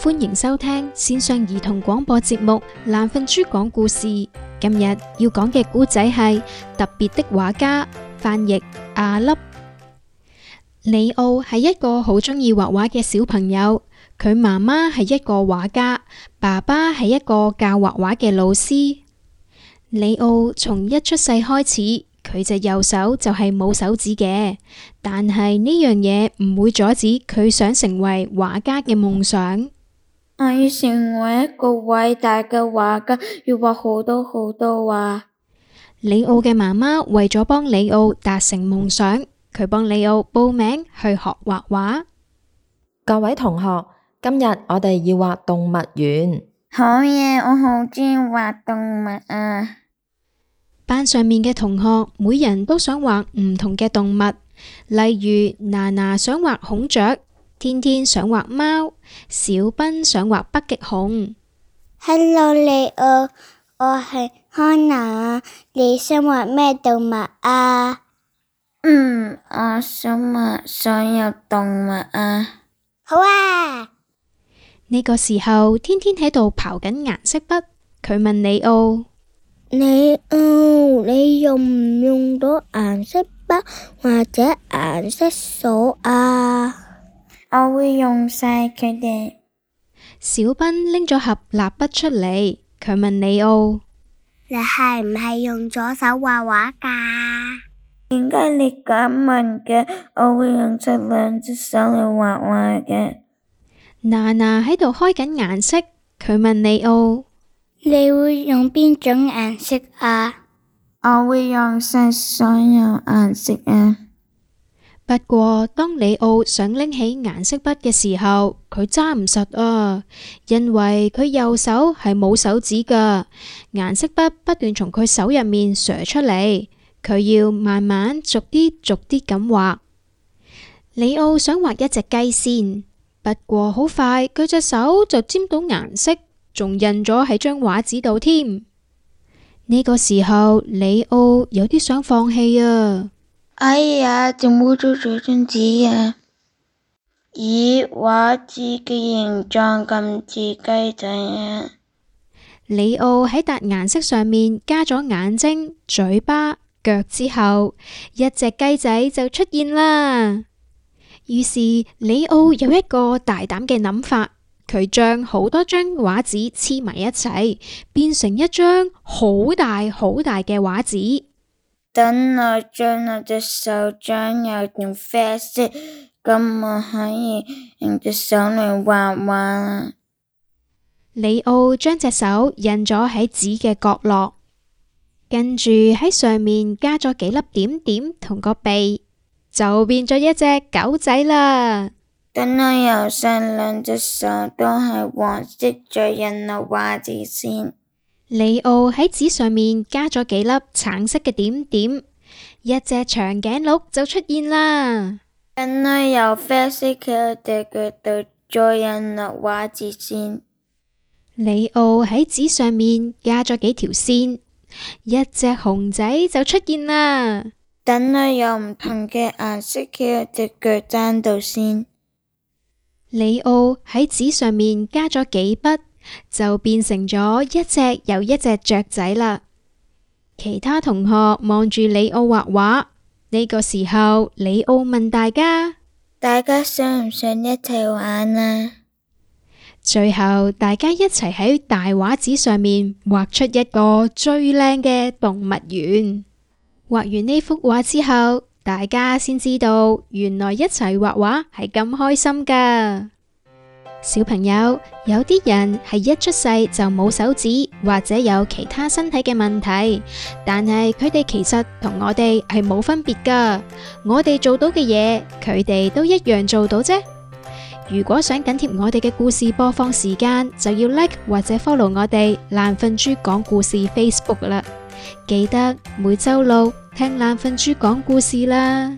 歡迎收聽線上兒童廣播節目《懶瞓豬講故事》。今日要講嘅故仔係特別的畫家。翻譯阿粒，李奧係一個好鍾意畫畫嘅小朋友。佢媽媽係一個畫家，爸爸係一個教畫畫嘅老師。李奧從一出世開始，佢隻右手就係冇手指嘅，但係呢樣嘢唔會阻止佢想成為畫家嘅夢想。我要成為一個偉大嘅畫家，要畫好多好多畫。李奧嘅媽媽為咗幫李奧達成夢想，佢幫李奧報名去學畫畫。各位同學，今日我哋要畫動物園。好嘢，我好鍾意畫動物啊！班上面嘅同學每人都想畫唔同嘅動物，例如娜娜想畫孔雀。天天想畫貓，小斌想畫北極熊。Hello，李奧，我係康娜，你想畫咩動物啊？嗯，我想畫所有動物啊。好啊。呢個時候，天天喺度刨緊顏色筆，佢問李奧：「李奧，你用唔用到顏色筆或者顏色索啊？我會用晒佢哋。小斌拎咗盒蠟筆出嚟，佢問李奧，你係唔係用左手畫畫噶？點解你噉問嘅？我會用出兩隻手嚟畫畫嘅。娜娜喺度開緊顏色，佢問李奧，你會用邊種顏色啊？我會用晒所有顏色啊！不過，當李奧想拎起顏色筆嘅時候，佢揸唔實啊，因為佢右手係冇手指噶，顏色筆不斷從佢手入面射出嚟。佢要慢慢逐啲逐啲咁畫。李奧想畫一隻雞先，不過好快佢隻手就沾到顏色，仲印咗喺張畫紙度添。呢個時候，李奧有啲想放棄啊。哎呀，整污糟咗張紙呀！咦，畫紙嘅形狀咁似雞仔呀、啊！李奧喺笪顏色上面加咗眼睛、嘴巴、腳之後，一隻雞仔就出現啦。於是李奧有一個大膽嘅諗法，佢將好多張畫紙黐埋一齊，變成一張好大好大嘅畫紙。等我將我隻手掌入點啡色，咁我可以用隻手嚟畫畫啊。李奧將隻手印咗喺紙嘅角落，跟住喺上面加咗幾粒點點同個鼻，就變咗一隻狗仔啦。等我油上兩隻手都係黃色，再印落畫紙先。李奧喺紙上面加咗幾粒橙色嘅點點，一隻長頸鹿就出現啦。等佢由啡色嘅隻腳度再印落畫字線。李奧喺紙上面加咗幾條線，一隻熊仔就出現啦。等佢用唔同嘅顏色嘅隻腳爭到線。李奧喺紙上面加咗幾筆。就變成咗一隻又一隻雀仔啦。其他同學望住李奧畫畫，呢個時候，李奧問大家：大家想唔想一齊玩啊？最後大家一齊喺大畫紙上面畫出一個最靚嘅動物園。畫完呢幅畫之後，大家先知道原來一齊畫畫係咁開心噶。小朋友，有啲人係一出世就冇手指，或者有其他身體嘅問題，但係佢哋其實同我哋係冇分別噶。我哋做到嘅嘢，佢哋都一樣做到啫。如果想緊貼我哋嘅故事播放時間，就要 like 或者 follow 我哋爛瞓豬講故事 Facebook 啦。記得每周六聽爛瞓豬講故事啦。